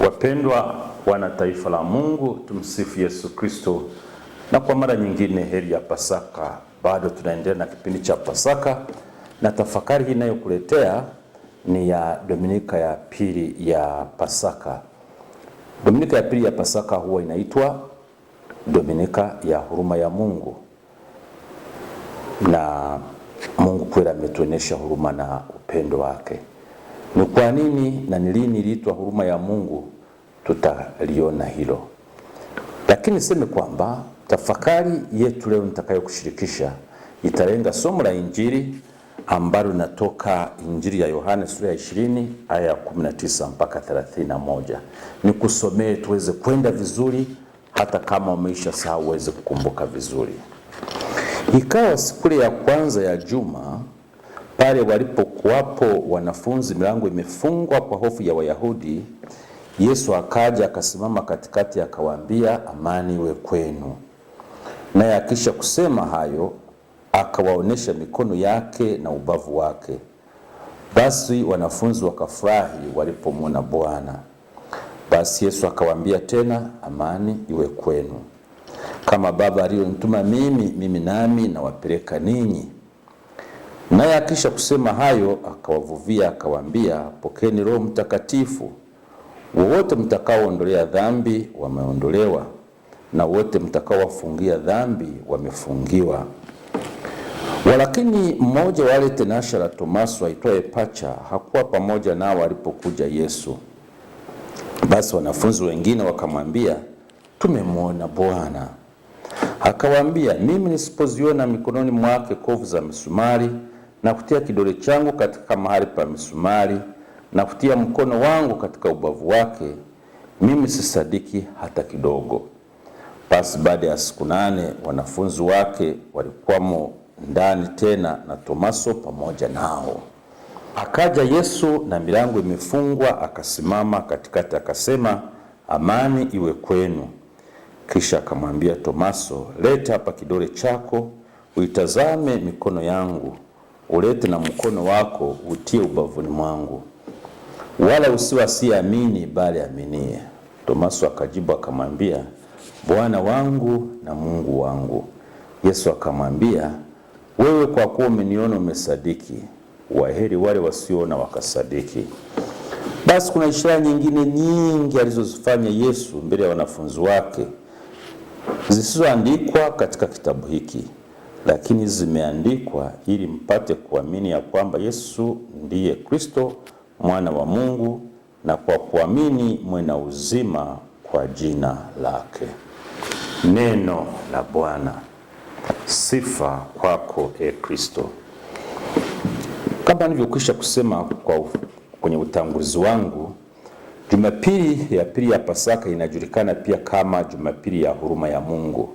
Wapendwa wana taifa la Mungu, tumsifu Yesu Kristo. Na kwa mara nyingine, heri ya Pasaka. Bado tunaendelea na kipindi cha Pasaka na tafakari hii inayokuletea ni ya Dominika ya pili ya Pasaka. Dominika ya pili ya Pasaka huwa inaitwa Dominika ya huruma ya Mungu, na Mungu kweli ametuonesha huruma na upendo wake. Ni kwa nini na ni lini iliitwa huruma ya Mungu? Tutaliona hilo, lakini niseme kwamba tafakari yetu leo nitakayokushirikisha italenga somo la Injili ambalo linatoka Injili ya Yohane sura ya 20 aya ya 19 mpaka 31. Nikusomee tuweze kwenda vizuri, hata kama umeisha sahau uweze kukumbuka vizuri. Ikawa siku ya kwanza ya juma, pale walipokuwapo wanafunzi, milango imefungwa kwa hofu ya Wayahudi, Yesu akaja akasimama katikati, akawaambia, amani iwe kwenu. Naye akisha kusema hayo akawaonyesha mikono yake na ubavu wake. Basi wanafunzi wakafurahi walipomwona Bwana. Basi Yesu akawaambia tena, amani iwe kwenu. Kama Baba aliyonituma mimi, mimi nami nawapeleka ninyi. Naye akisha kusema hayo, akawavuvia akawaambia, pokeni Roho Mtakatifu. Wowote mtakaoondolea dhambi wameondolewa, na wote mtakaowafungia dhambi wamefungiwa. Walakini mmoja wa wale tenasha la Tomaso aitwaye Pacha hakuwa pamoja nao alipokuja Yesu. Basi wanafunzi wengine wakamwambia, tumemwona Bwana. Akawaambia, mimi nisipoziona mikononi mwake kovu za misumari na kutia kidole changu katika mahali pa misumari na kutia mkono wangu katika ubavu wake, mimi sisadiki hata kidogo. Basi baada ya siku nane wanafunzi wake walikuwamo ndani tena na Tomaso pamoja nao. Akaja Yesu na milango imefungwa, akasimama katikati, akasema, amani iwe kwenu. Kisha akamwambia Tomaso, leta hapa kidole chako, uitazame mikono yangu, ulete na mkono wako, utie ubavuni mwangu, wala usiwasiamini, bali aminie. Tomaso akajibu akamwambia, Bwana wangu na Mungu wangu. Yesu akamwambia wewe kwa kuwa umeniona umesadiki, waheri wale wasioona wakasadiki. Basi kuna ishara nyingine nyingi alizozifanya Yesu mbele ya wanafunzi wake zisizoandikwa katika kitabu hiki, lakini zimeandikwa ili mpate kuamini ya kwamba Yesu ndiye Kristo mwana wa Mungu, na kwa kuamini mwe na uzima kwa jina lake. Neno la Bwana. Sifa kwako e Kristo. Kama nilivyokwisha kusema kwa kwenye utangulizi wangu, Jumapili ya pili ya Pasaka inajulikana pia kama Jumapili ya huruma ya Mungu.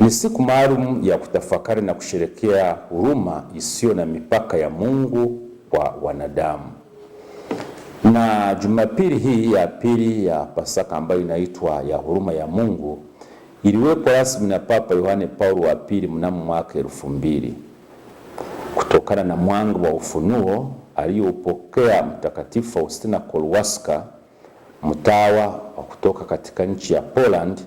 Ni siku maalum ya kutafakari na kusherekea huruma isiyo na mipaka ya Mungu kwa wanadamu. Na Jumapili hii ya pili ya Pasaka ambayo inaitwa ya huruma ya Mungu iliwekwa rasmi na Papa Yohane Paulo wa pili mnamo mwaka elfu mbili kutokana na mwanga wa ufunuo aliyoupokea Mtakatifu Faustina Kolwaska, mtawa wa kutoka katika nchi ya Poland,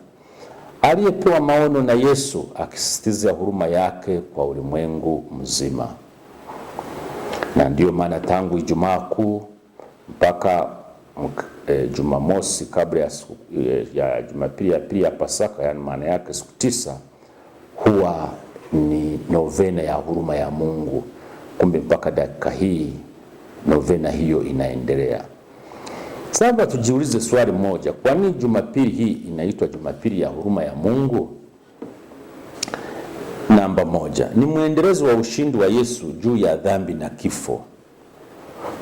aliyepewa maono na Yesu akisisitiza huruma yake kwa ulimwengu mzima. Na ndiyo maana tangu Ijumaa Kuu mpaka e, Jumamosi kabla ya, e, ya Jumapili ya pili ya Pasaka, yani maana yake siku tisa huwa ni novena ya huruma ya Mungu. Kumbe mpaka dakika hii novena hiyo inaendelea. Sasa tujiulize swali moja, kwa nini Jumapili hii inaitwa Jumapili ya huruma ya Mungu? Namba moja, ni mwendelezo wa ushindi wa Yesu juu ya dhambi na kifo,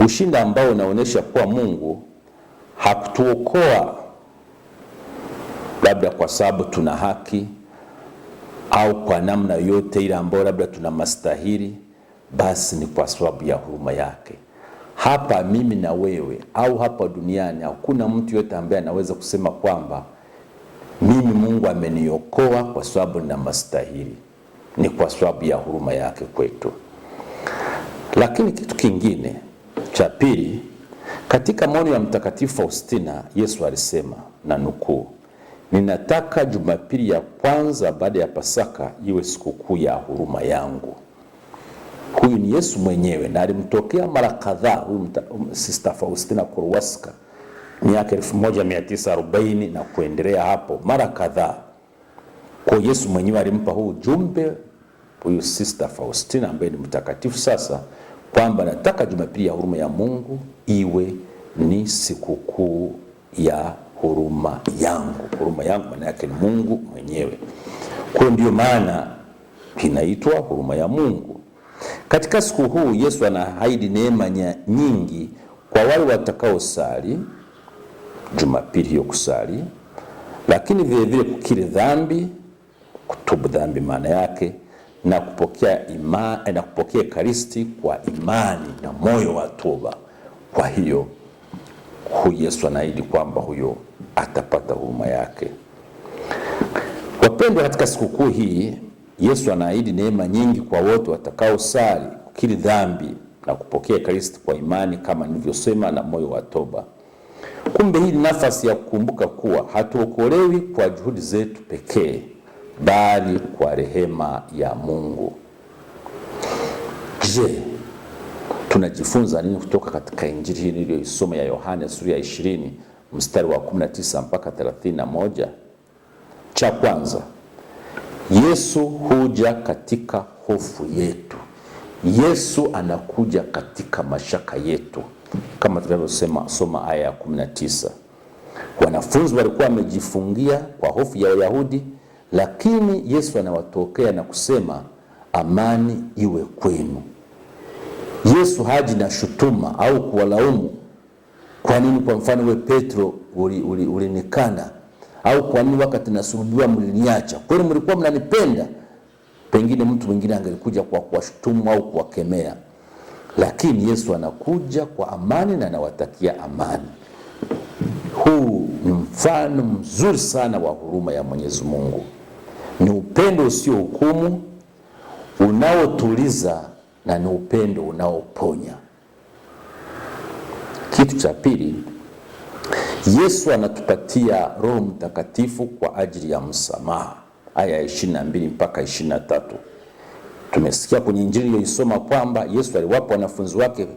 ushindi ambao unaonyesha kuwa Mungu hakutuokoa labda kwa sababu tuna haki au kwa namna yote ile ambayo labda tuna mastahili, basi ni kwa sababu ya huruma yake. Hapa mimi na wewe au hapa duniani hakuna mtu yote ambaye anaweza kusema kwamba mimi Mungu ameniokoa kwa sababu nina mastahili, ni kwa sababu ya huruma yake kwetu. Lakini kitu kingine cha pili katika maono ya Mtakatifu Faustina, Yesu alisema na nukuu, ninataka Jumapili ya kwanza baada ya Pasaka iwe sikukuu ya huruma yangu. Huyu ni Yesu mwenyewe na alimtokea mara kadhaa huyu um, Sister Faustina Kurwaska miaka 1940 na kuendelea hapo mara kadhaa. Kwa Yesu mwenyewe alimpa huu ujumbe huyu Sister Faustina ambaye ni mtakatifu sasa, kwamba nataka Jumapili ya huruma ya Mungu iwe ni sikukuu ya huruma yangu. Huruma yangu maana yake ni Mungu mwenyewe. Kwa ndio maana inaitwa huruma ya Mungu. Katika siku huu Yesu anaahidi neema nyingi kwa wale watakaosali Jumapili hiyo kusali, lakini vile vile kukiri dhambi, kutubu dhambi maana yake na kupokea ima, na kupokea Ekaristi kwa imani na moyo wa toba. Kwa hiyo huyu Yesu anaahidi kwamba huyo atapata huruma yake. Wapendwa, katika sikukuu hii Yesu anaahidi neema nyingi kwa wote watakaosali, kukiri dhambi na kupokea Kristo kwa imani kama nilivyosema, na moyo wa toba. Kumbe hii ni nafasi ya kukumbuka kuwa hatuokolewi kwa juhudi zetu pekee, bali kwa rehema ya Mungu. Je, tunajifunza nini kutoka katika injili hii niliyoisoma ya Yohane sura ya 20 mstari wa 19 mpaka 31? Cha kwanza, Yesu huja katika hofu yetu. Yesu anakuja katika mashaka yetu, kama tunavyosema soma aya ya 19. Wanafunzi walikuwa wamejifungia kwa hofu ya Wayahudi, lakini Yesu anawatokea na kusema amani iwe kwenu. Yesu haji na shutuma au kuwalaumu. Kwa nini kwa mfano we Petro ulinikana? Uli, uli au kwa nini wakati nasulubiwa mliniacha? Kwani mlikuwa mnanipenda? Pengine mtu mwingine angelikuja kwa kuwashutumu au kuwakemea, lakini Yesu anakuja kwa amani na anawatakia amani. Huu ni mfano mzuri sana wa huruma ya Mwenyezi Mungu, ni upendo usio hukumu unaotuliza na ni upendo unaoponya. Kitu cha pili, Yesu anatupatia Roho Mtakatifu kwa ajili ya msamaha. Aya ya 22 mpaka 23, tumesikia kwenye injili iliyoisoma kwamba Yesu aliwapa wanafunzi wake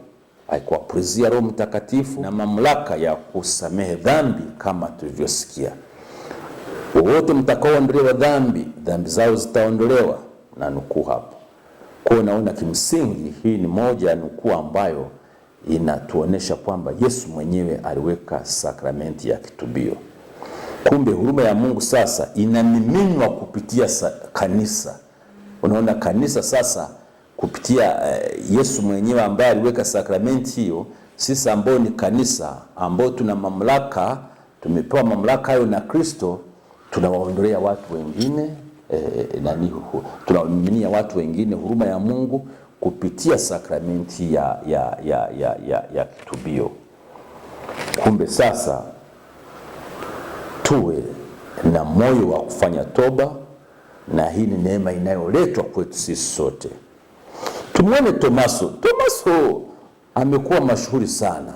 alikuwapulizia Roho Mtakatifu na mamlaka ya kusamehe dhambi, kama tulivyosikia, wowote mtakaoondolewa dhambi, dhambi zao zitaondolewa, na nukuu hapo kwa naona kimsingi hii ni moja ya nukuu ambayo inatuonesha kwamba Yesu mwenyewe aliweka sakramenti ya kitubio. Kumbe huruma ya Mungu sasa inamiminwa kupitia sa kanisa. Unaona, kanisa sasa kupitia uh, Yesu mwenyewe ambaye aliweka sakramenti hiyo, sisi ambao ni kanisa ambao tuna mamlaka, tumepewa mamlaka hayo na Kristo, tunawaondolea watu wengine eh, nani, watu wengine huruma ya Mungu kupitia sakramenti ya, ya, ya, ya, ya, ya kitubio. Kumbe sasa tuwe na moyo wa kufanya toba, na hii ni neema inayoletwa kwetu sisi sote. Tumwone Tomaso. Tomaso amekuwa mashuhuri sana,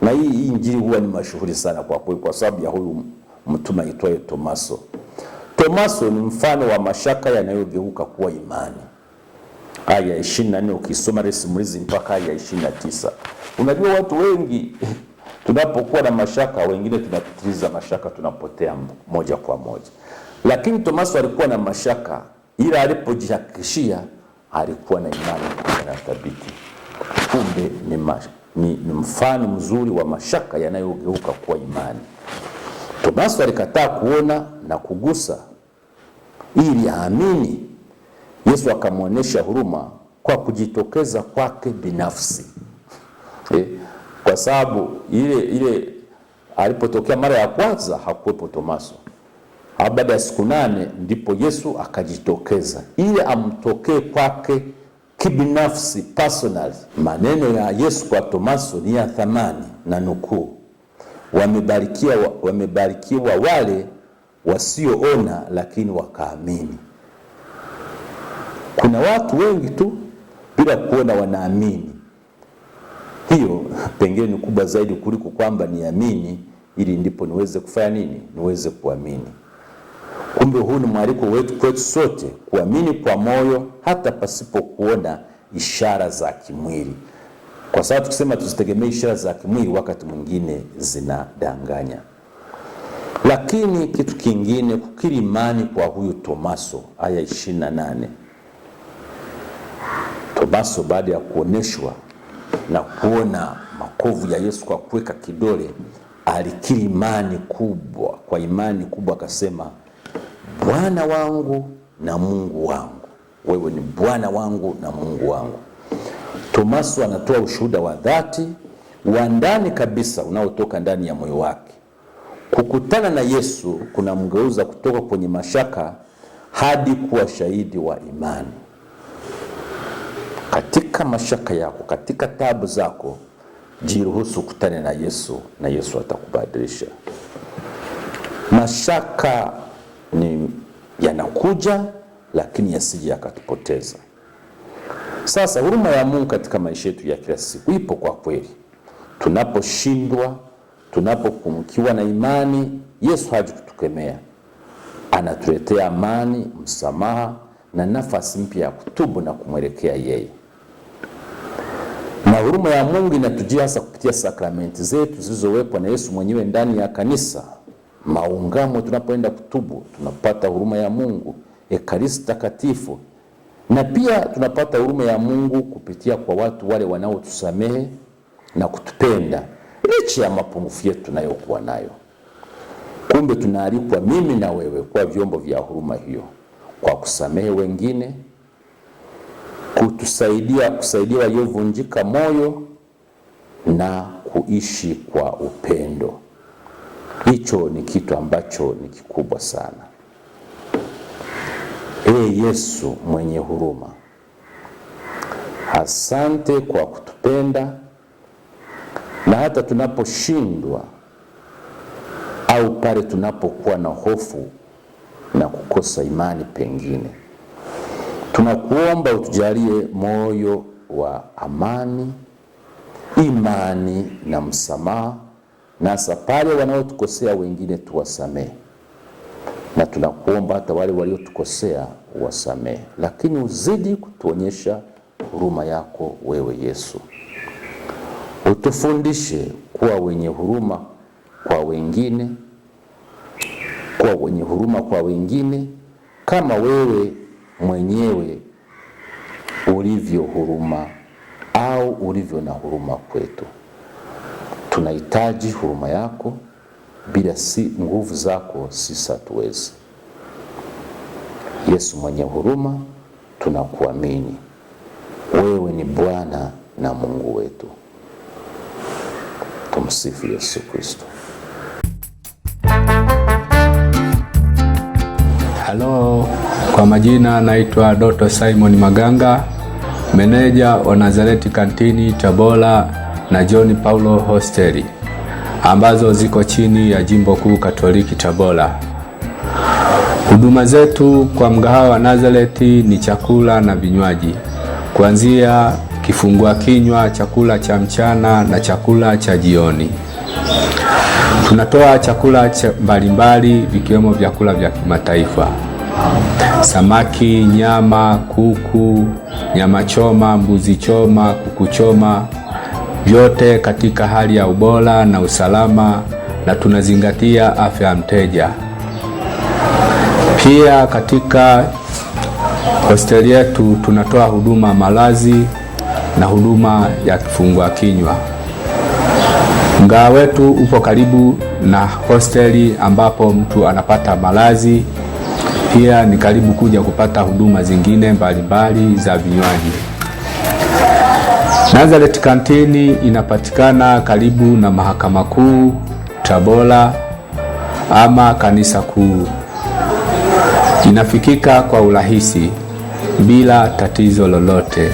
na hii injili huwa ni mashuhuri sana kwa kweli, kwa sababu ya huyu mtume aitwaye Tomaso. Tomaso ni mfano wa mashaka yanayogeuka kuwa imani. Aya 24 ukisoma ile simulizi mpaka aya 29. Unajua watu wengi tunapokuwa na mashaka, wengine tunapitiliza mashaka, tunapotea moja kwa moja, lakini Tomaso alikuwa na mashaka, ila alipojihakikishia alikuwa na imani na thabiti. Kumbe ni, ni, ni mfano mzuri wa mashaka yanayogeuka kuwa imani. Tomaso alikataa kuona na kugusa ili aamini. Yesu akamwonyesha huruma kwa kujitokeza kwake binafsi e, kwa sababu ile ile alipotokea mara ya kwanza hakuwepo Tomaso. Baada ya siku nane ndipo Yesu akajitokeza ili amtokee kwake kibinafsi, personal. Maneno ya Yesu kwa Tomaso ni ya thamani na nukuu, wamebarikiwa, wamebarikiwa wale wasioona lakini wakaamini. Kuna watu wengi tu bila kuona wanaamini. Hiyo pengine ni kubwa zaidi kuliko kwamba niamini ili ndipo niweze kufanya nini, niweze kuamini. Kumbe huu ni mwaliko wetu kwetu sote kuamini kwa moyo hata pasipo kuona ishara za kimwili, kwa sababu tukisema tuzitegemee ishara za kimwili, wakati mwingine zinadanganya. Lakini kitu kingine kukiri imani kwa huyu Tomaso, aya 28. Tomaso baada ya kuoneshwa na kuona makovu ya Yesu kwa kuweka kidole, alikiri imani kubwa, kwa imani kubwa akasema, Bwana wangu na Mungu wangu, wewe ni Bwana wangu na Mungu wangu. Tomaso anatoa ushuhuda wa dhati wa ndani kabisa unaotoka ndani ya moyo wake Kukutana na Yesu kunamgeuza kutoka kwenye mashaka hadi kuwa shahidi wa imani. Katika mashaka yako, katika tabu zako, jiruhusu kutane na Yesu na Yesu atakubadilisha. Mashaka ni yanakuja, lakini yasije yakatupoteza. Sasa huruma ya Mungu katika maisha yetu ya kila siku ipo kwa kweli, tunaposhindwa tunapokumkiwa na imani, Yesu haji kutukemea, anatuletea amani, msamaha na nafasi mpya ya kutubu na kumwelekea yeye. Na huruma ya Mungu inatujia hasa kupitia sakramenti zetu zilizowekwa na Yesu mwenyewe ndani ya kanisa. Maungamo, tunapoenda kutubu, tunapata huruma ya Mungu, Ekaristi Takatifu, na pia tunapata huruma ya Mungu kupitia kwa watu wale wanaotusamehe na kutupenda licha ya mapungufu yetu tunayokuwa nayo. Kumbe tunaalikwa mimi na wewe kwa vyombo vya huruma hiyo, kwa kusamehe wengine, kutusaidia kusaidia waliovunjika moyo na kuishi kwa upendo. Hicho ni kitu ambacho ni kikubwa sana. Ee Yesu mwenye huruma, asante kwa kutupenda na hata tunaposhindwa au pale tunapokuwa na hofu na kukosa imani, pengine tunakuomba utujalie moyo wa amani, imani na msamaha, na hasa pale wanaotukosea wengine tuwasamehe, na tunakuomba hata wale waliotukosea wasamehe, lakini uzidi kutuonyesha huruma yako wewe Yesu. Utufundishe kuwa wenye huruma kwa wengine, kuwa wenye huruma kwa wengine kama wewe mwenyewe ulivyo huruma au ulivyo na huruma kwetu. Tunahitaji huruma yako, bila si nguvu zako sisi hatuwezi. Yesu mwenye huruma, tunakuamini wewe ni Bwana na Mungu wetu. Tumsifu Yesu Kristo. Halo, kwa majina naitwa Doto Simon Maganga, meneja wa Nazareti Kantini Tabora na John Paulo Hosteli ambazo ziko chini ya Jimbo Kuu Katoliki Tabora. Huduma zetu kwa mgahawa wa Nazareti ni chakula na vinywaji kuanzia kifungua kinywa, chakula cha mchana na chakula cha jioni. Tunatoa chakula mbalimbali vikiwemo vyakula vya kimataifa: samaki, nyama, kuku, nyama choma, mbuzi choma, kuku choma, vyote katika hali ya ubora na usalama, na tunazingatia afya ya mteja. Pia katika hosteli yetu tunatoa huduma malazi na huduma ya kifungua kinywa. Mgahawa wetu upo karibu na hosteli ambapo mtu anapata malazi, pia ni karibu kuja kupata huduma zingine mbalimbali za vinywaji. Nazareth Kantini inapatikana karibu na mahakama kuu Tabora ama kanisa kuu, inafikika kwa urahisi bila tatizo lolote.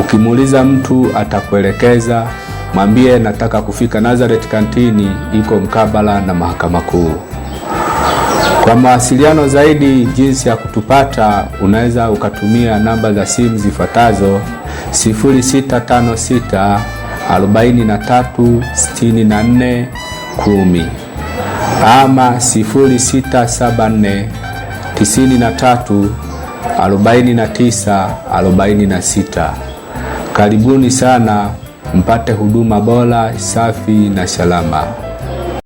Ukimuuliza mtu atakuelekeza, mwambie nataka kufika Nazareth kantini iko mkabala na mahakama kuu. Kwa mawasiliano zaidi, jinsi ya kutupata, unaweza ukatumia namba za simu zifuatazo: 0656 43 64 ama 0674 49 46. Karibuni sana mpate huduma bora, safi na salama.